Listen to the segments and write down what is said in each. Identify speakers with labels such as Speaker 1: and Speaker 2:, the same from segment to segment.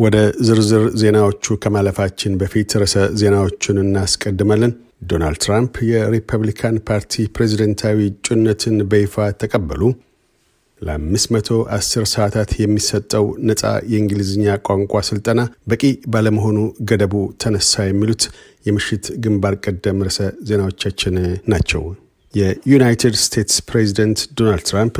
Speaker 1: ወደ ዝርዝር ዜናዎቹ ከማለፋችን በፊት ርዕሰ ዜናዎቹን እናስቀድማለን። ዶናልድ ትራምፕ የሪፐብሊካን ፓርቲ ፕሬዝደንታዊ እጩነትን በይፋ ተቀበሉ። ለ510 ሰዓታት የሚሰጠው ነፃ የእንግሊዝኛ ቋንቋ ስልጠና በቂ ባለመሆኑ ገደቡ ተነሳ። የሚሉት የምሽት ግንባር ቀደም ርዕሰ ዜናዎቻችን ናቸው። የዩናይትድ ስቴትስ ፕሬዚደንት ዶናልድ ትራምፕ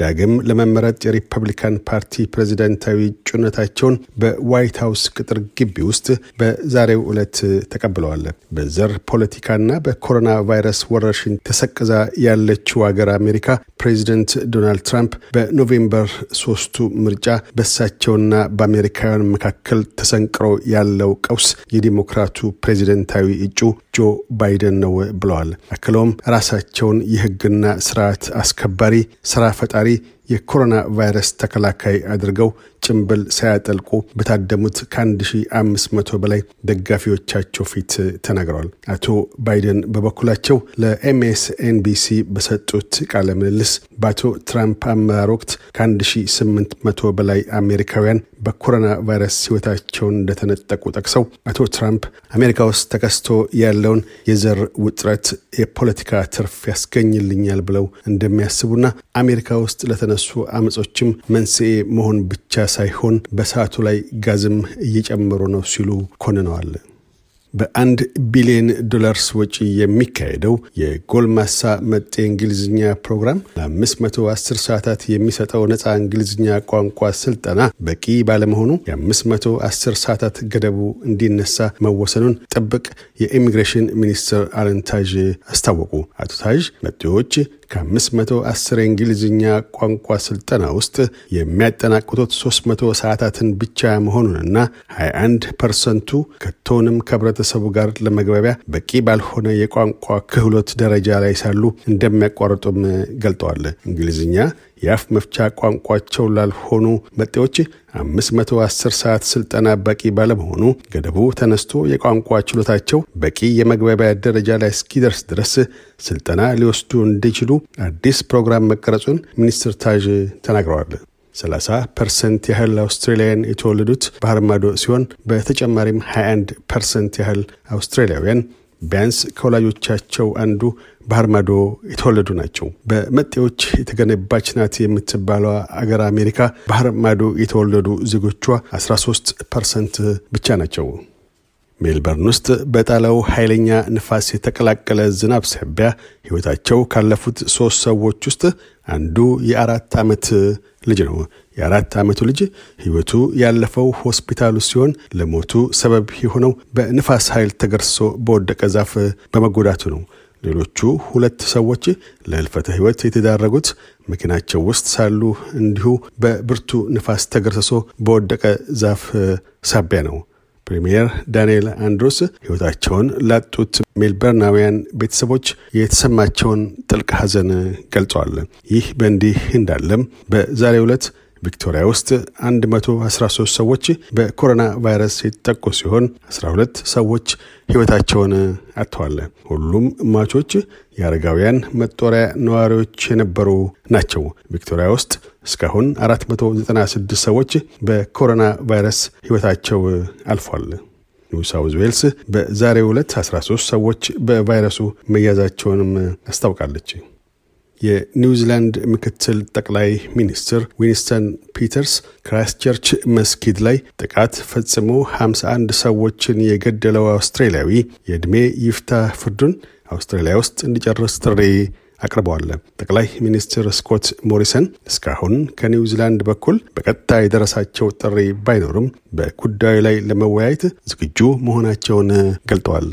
Speaker 1: ዳግም ለመመረጥ የሪፐብሊካን ፓርቲ ፕሬዚደንታዊ እጩነታቸውን በዋይት ሀውስ ቅጥር ግቢ ውስጥ በዛሬው ዕለት ተቀብለዋል። በዘር ፖለቲካና በኮሮና ቫይረስ ወረርሽኝ ተሰቅዛ ያለችው አገር አሜሪካ ፕሬዚደንት ዶናልድ ትራምፕ በኖቬምበር ሶስቱ ምርጫ በሳቸውና በአሜሪካውያን መካከል ተሰንቅሮ ያለው ቀውስ የዲሞክራቱ ፕሬዚደንታዊ እጩ ጆ ባይደን ነው ብለዋል። አክለውም ራሳቸውን የህግና ስርዓት አስከባሪ፣ ስራ ፈጣሪ፣ የኮሮና ቫይረስ ተከላካይ አድርገው ጭንብል ሳያጠልቁ በታደሙት ከ1500 በላይ ደጋፊዎቻቸው ፊት ተናግረዋል። አቶ ባይደን በበኩላቸው ለኤምኤስኤንቢሲ በሰጡት ቃለ ምልልስ በአቶ ትራምፕ አመራር ወቅት ከ1800 በላይ አሜሪካውያን በኮሮና ቫይረስ ህይወታቸውን እንደተነጠቁ ጠቅሰው አቶ ትራምፕ አሜሪካ ውስጥ ተከስቶ ያለውን የዘር ውጥረት የፖለቲካ ትርፍ ያስገኝልኛል ብለው እንደሚያስቡና አሜሪካ ውስጥ ለተነሱ አመጾችም መንስኤ መሆን ብቻ ሳይሆን በሰዓቱ ላይ ጋዝም እየጨመሩ ነው ሲሉ ኮንነዋል። በአንድ ቢሊዮን ዶላርስ ወጪ የሚካሄደው የጎልማሳ መጤ እንግሊዝኛ ፕሮግራም ለ510 ሰዓታት የሚሰጠው ነፃ እንግሊዝኛ ቋንቋ ስልጠና በቂ ባለመሆኑ የ510 ሰዓታት ገደቡ እንዲነሳ መወሰኑን ጥብቅ የኢሚግሬሽን ሚኒስትር አለን ታዥ አስታወቁ። አቶ ታዥ መጤዎች ከ510 የእንግሊዝኛ ቋንቋ ስልጠና ውስጥ የሚያጠናቅቁት 300 ሰዓታትን ብቻ መሆኑንና 21 ፐርሰንቱ ከቶንም ከህብረተሰቡ ጋር ለመግባቢያ በቂ ባልሆነ የቋንቋ ክህሎት ደረጃ ላይ ሳሉ እንደሚያቋርጡም ገልጠዋል። እንግሊዝኛ የአፍ መፍቻ ቋንቋቸው ላልሆኑ መጤዎች 510 ሰዓት ስልጠና በቂ ባለመሆኑ ገደቡ ተነስቶ የቋንቋ ችሎታቸው በቂ የመግባቢያ ደረጃ ላይ እስኪደርስ ድረስ ስልጠና ሊወስዱ እንዲችሉ አዲስ ፕሮግራም መቀረጹን ሚኒስትር ታዥ ተናግረዋል። 30 ፐርሰንት ያህል አውስትራሊያን የተወለዱት ባህርማዶ ሲሆን በተጨማሪም 21 ፐርሰንት ያህል አውስትራሊያውያን ቢያንስ ከወላጆቻቸው አንዱ ባህር ማዶ የተወለዱ ናቸው። በመጤዎች የተገነባች ናት የምትባለው አገር አሜሪካ ባህር ማዶ የተወለዱ ዜጎቿ 13 ፐርሰንት ብቻ ናቸው። ሜልበርን ውስጥ በጣለው ኃይለኛ ንፋስ የተቀላቀለ ዝናብ ሳቢያ ሕይወታቸው ካለፉት ሦስት ሰዎች ውስጥ አንዱ የአራት ዓመት ልጅ ነው። የአራት ዓመቱ ልጅ ሕይወቱ ያለፈው ሆስፒታሉ ሲሆን ለሞቱ ሰበብ የሆነው በንፋስ ኃይል ተገርሶ በወደቀ ዛፍ በመጎዳቱ ነው። ሌሎቹ ሁለት ሰዎች ለህልፈተ ሕይወት የተዳረጉት መኪናቸው ውስጥ ሳሉ እንዲሁ በብርቱ ንፋስ ተገርሰሶ በወደቀ ዛፍ ሳቢያ ነው። ፕሪምየር ዳንኤል አንድሮስ ሕይወታቸውን ላጡት ሜልበርናውያን ቤተሰቦች የተሰማቸውን ጥልቅ ሐዘን ገልጸዋል። ይህ በእንዲህ እንዳለም በዛሬው ዕለት ቪክቶሪያ ውስጥ 113 ሰዎች በኮሮና ቫይረስ የተጠቁ ሲሆን 12 ሰዎች ሕይወታቸውን አጥተዋል። ሁሉም ማቾች የአረጋውያን መጦሪያ ነዋሪዎች የነበሩ ናቸው። ቪክቶሪያ ውስጥ እስካሁን 496 ሰዎች በኮሮና ቫይረስ ሕይወታቸው አልፏል። ኒው ሳውዝ ዌልስ በዛሬው ዕለት 13 ሰዎች በቫይረሱ መያዛቸውንም አስታውቃለች። የኒውዚላንድ ምክትል ጠቅላይ ሚኒስትር ዊንስተን ፒተርስ ክራይስትቸርች መስጊድ ላይ ጥቃት ፈጽሞ 51 ሰዎችን የገደለው አውስትራሊያዊ የዕድሜ ይፍታ ፍርዱን አውስትራሊያ ውስጥ እንዲጨርስ ጥሪ አቅርበዋል። ጠቅላይ ሚኒስትር ስኮት ሞሪሰን እስካሁን ከኒውዚላንድ በኩል በቀጥታ የደረሳቸው ጥሪ ባይኖርም በጉዳዩ ላይ ለመወያየት ዝግጁ መሆናቸውን ገልጠዋል።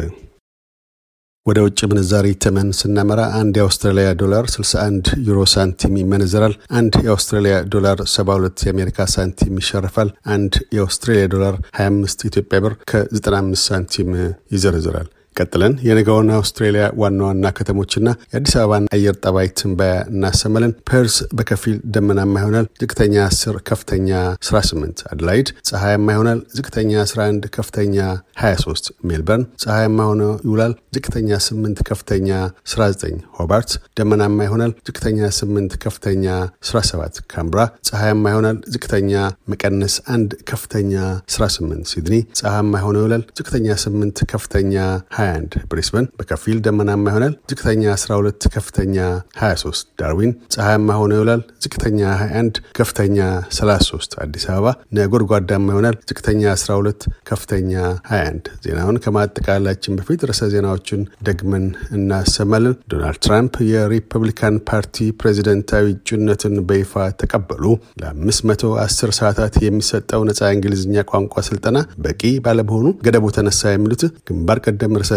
Speaker 1: ወደ ውጭ ምንዛሪ ተመን ስናመራ አንድ የአውስትራሊያ ዶላር 61 ዩሮ ሳንቲም ይመነዘራል። አንድ የአውስትራሊያ ዶላር 72 የአሜሪካ ሳንቲም ይሸርፋል። አንድ የአውስትራሊያ ዶላር 25 ኢትዮጵያ ብር ከ95 ሳንቲም ይዘረዝራል። ቀጥለን የነገውን አውስትራሊያ ዋና ዋና ከተሞችና የአዲስ አበባን አየር ጠባይ ትንበያ እናሰማለን። ፐርስ በከፊል ደመናማ ይሆናል። ዝቅተኛ 10፣ ከፍተኛ 18። አድላይድ ፀሐያማ ይሆናል። ዝቅተኛ 11፣ ከፍተኛ 23። ሜልበርን ፀሐያማ ሆኖ ይውላል። ዝቅተኛ 8፣ ከፍተኛ 19። ሆባርት ደመናማ ይሆናል። ዝቅተኛ 8፣ ከፍተኛ 17። ካምብራ ፀሐያማ ይሆናል። ዝቅተኛ መቀነስ 1፣ ከፍተኛ 18። ሲድኒ ፀሐያማ ሆኖ ይውላል። ዝቅተኛ 8፣ ከፍተኛ 20 21፣ ብሪስበን በከፊል ደመናማ ይሆናል። ዝቅተኛ 12፣ ከፍተኛ 23። ዳርዊን ፀሐያማ ሆኖ ይውላል። ዝቅተኛ 21፣ ከፍተኛ 33። አዲስ አበባ ነጎድጓዳማ ይሆናል። ዝቅተኛ 12፣ ከፍተኛ 21። ዜናውን ከማጠቃላችን በፊት ርዕሰ ዜናዎችን ደግመን እናሰማለን። ዶናልድ ትራምፕ የሪፐብሊካን ፓርቲ ፕሬዚደንታዊ እጩነትን በይፋ ተቀበሉ። ለ510 ሰዓታት የሚሰጠው ነፃ የእንግሊዝኛ ቋንቋ ስልጠና በቂ ባለመሆኑ ገደቡ ተነሳ። የሚሉት ግንባር ቀደም ርዕሰ